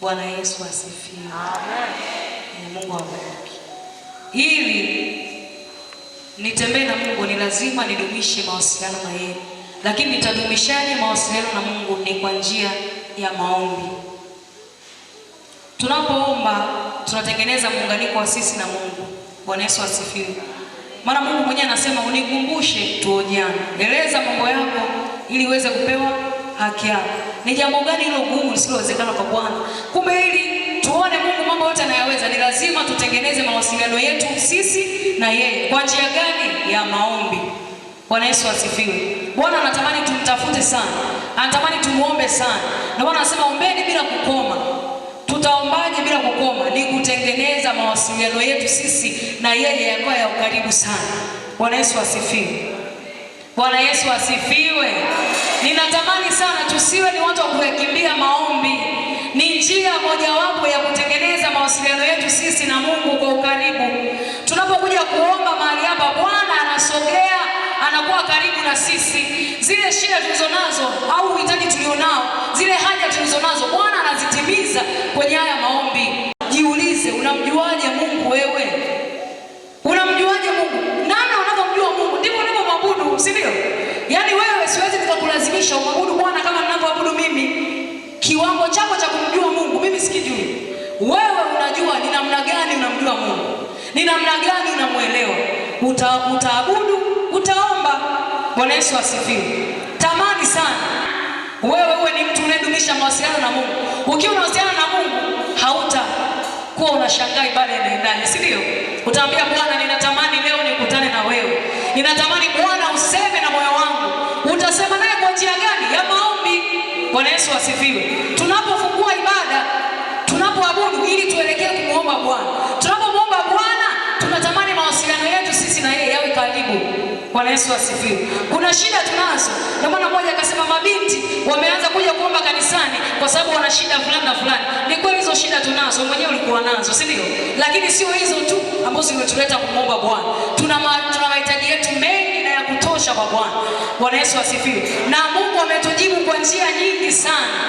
Bwana Yesu asifiwe. Amen. Mungu awabariki. Ili nitembee na Mungu ni lazima nidumishe mawasiliano na yeye, lakini nitadumishaje mawasiliano na Mungu? Ni kwa njia ya maombi. Tunapoomba tunatengeneza muunganiko wa sisi na Mungu. Bwana Yesu asifiwe. mara Mungu mwenyewe anasema unikumbushe tuojane, eleza mambo yako ili uweze kupewa haki yako. Ni jambo gani hilo gumu lisilowezekana kwa Bwana? Kumbe ili tuone Mungu mambo yote anayaweza. Ni lazima tutengeneze mawasiliano yetu sisi na yeye kwa njia gani? Ya maombi. Bwana Yesu asifiwe. Bwana anatamani tumtafute sana, anatamani tumuombe sana, na Bwana anasema ombeni bila kukoma. Tutaombaje bila kukoma? Ni kutengeneza mawasiliano yetu sisi na yeye yakawa ya ukaribu sana. Bwana Yesu asifiwe. Bwana Yesu asifiwe. Ninatamani sana tusiwe ni watu wa kuyakimbia maombi. Ni njia mojawapo ya kutengeneza mawasiliano yetu sisi na Mungu kwa ukaribu. Tunapokuja kuomba mahali hapa, Bwana anasogea, anakuwa karibu na sisi. Zile shida tulizonazo au uhitaji tulionao, zile haja tulizonazo, Bwana anazitimiza kwenye haya maombi. si ndio? Yaani wewe siwezi nikakulazimisha umwabudu Bwana kama ninavyoabudu mimi. Kiwango chako cha kumjua Mungu mimi sikijui. Wewe unajua ni namna gani unamjua Mungu, ni namna gani unamwelewa. Uta, utaabudu, utaomba. Bwana Yesu asifiwe. Tamani sana wewe uwe ni mtu unayedumisha mawasiliano na Mungu. Ukiwa unawasiliana na Mungu hauta kuwa unashangaa ibada inaendaje, si ndio? Utaambia Bwana, ninatamani leo nikutane na wewe Ninatamani Bwana useme na moyo wangu. Utasema naye kwa njia gani? Ya maombi. Bwana Yesu asifiwe. Tunapofungua ibada, tunapoabudu ili tuelekee kumwomba Bwana. Tunapomwomba Bwana, tunatamani mawasiliano yetu sisi na yeye yawe karibu. Bwana Yesu asifiwe. Kuna shida tunazo, na maana mmoja akasema mabinti wameanza kuja kuomba kanisani kwa sababu wana shida fulani na fulani. Ni kweli hizo shida tunazo, mwenyewe ulikuwa nazo, si ndio? Lakini sio hizo tu ambazo zimetuleta kumwomba Bwana. Tuna tuna mahitaji yetu mengi na ya kutosha kwa Bwana. Bwana Yesu asifiwe. Na Mungu ametujibu kwa njia nyingi sana.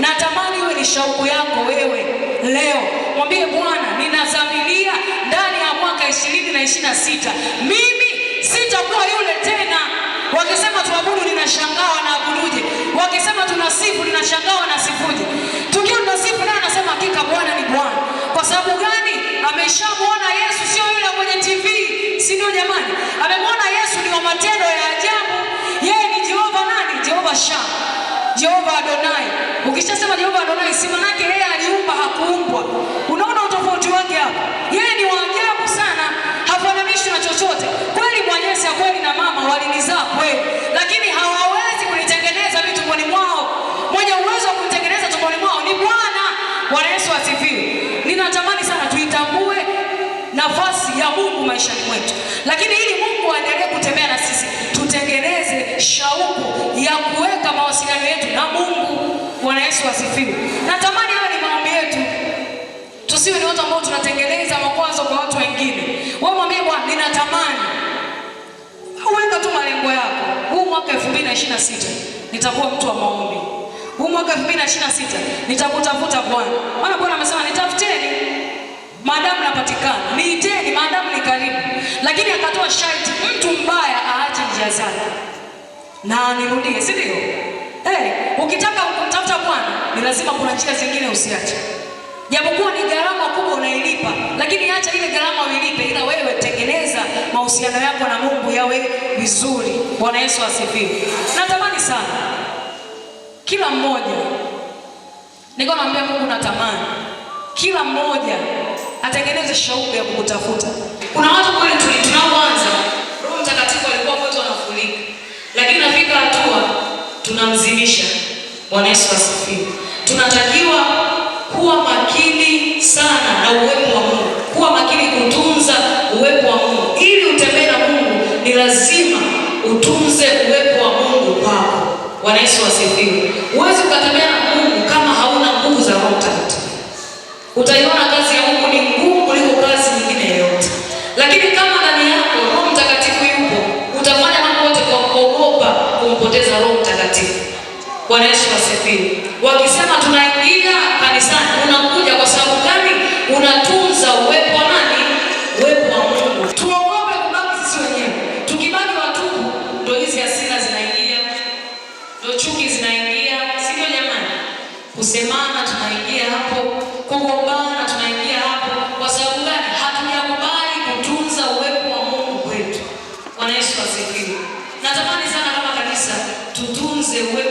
Natamani iwe ni shauku yako wewe leo, mwambie Bwana, ninazamilia ndani ya mwaka 2026 mimi sitakuwa yule tena. Wakisema tuabudu, ninashangaa wanaabuduje? Wakisema tunasifu, ninashangaa wanasifuje? Tukiwa tunasifu, naye anasema hakika Bwana ni Bwana. Kwa sababu gani? Ameshamwona Yesu, sio yule kwenye TV, si ndio? Jamani, amemwona Yesu ni wa matendo ya ajabu. Yeye ni Jehova nani? Jehova Sha, Jehova Adonai. Ukishasema Jehova Adonai, si maanake yeye aliumba, hakuumbwa Bwana Yesu asifiwe. Ninatamani sana tuitambue nafasi ya Mungu maishani mwetu, lakini ili Mungu aendelee kutembea na sisi, tutengeneze shauku ya kuweka mawasiliano yetu na Mungu. Bwana Yesu asifiwe. Natamani hayo ni maombi yetu, tusiwe ni watu ambao tunatengeneza makwazo kwa watu wengine. Wewe mwambie Bwana, ninatamani uweka tu malengo yako, huu mwaka 2026 nitakuwa mtu wa maombi huu mwaka 2026 nitakutafuta Bwana. Maana Bwana amesema nitafuteni maadamu napatikana, niiteni maadamu ni karibu, lakini akatoa sharti, mtu mbaya aache njia zake na anirudie, si ndio? Hey, ukitaka kumtafuta Bwana ni lazima kuna njia zingine usiache, japokuwa ni gharama kubwa unailipa, lakini acha ile gharama uilipe, ila wewe tengeneza mahusiano yako na Mungu yawe vizuri. Bwana Yesu asifiwe. Natamani sana kila mmoja nilikuwa naambia Mungu, natamani kila mmoja atengeneze shauku ya kukutafuta. Kuna watu kweli tunaoanza, Roho Mtakatifu alikuwa kwetu anafunika, lakini nafika hatua tunamzimisha. Bwana Yesu asifiwe. Tunatakiwa kuwa makini sana na uwepo wa Mungu, kuwa makini kutunza uwepo wa Mungu. Ili utembee na Mungu, ni lazima utunze Bwana Yesu asifiwe. Huwezi ukatemea na Mungu kama hauna nguvu za Roho Mtakatifu. Utaiona kazi chuki zinaingia, sivyo jamani? Kusemana tunaingia hapo, kugombana tunaingia hapo. Kwa sababu gani? Hatujakubali kutunza uwepo wa Mungu kwetu. Bwana Yesu asifiwe. Natamani sana kama kanisa tutunze uwepo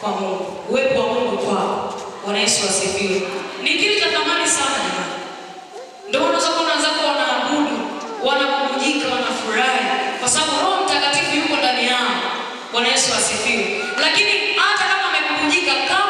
kwa Mungu, uwepo wa Mungu kwao. Bwana Yesu asifiwe. Ni kitu cha thamani sana jamani, ndio unaweza kuona wenzako wanaabudu, wanapumujika, wanafurahi kwa sababu Roho Mtakatifu yuko ndani yao. Bwana Yesu asifiwe. Lakini hata kama kama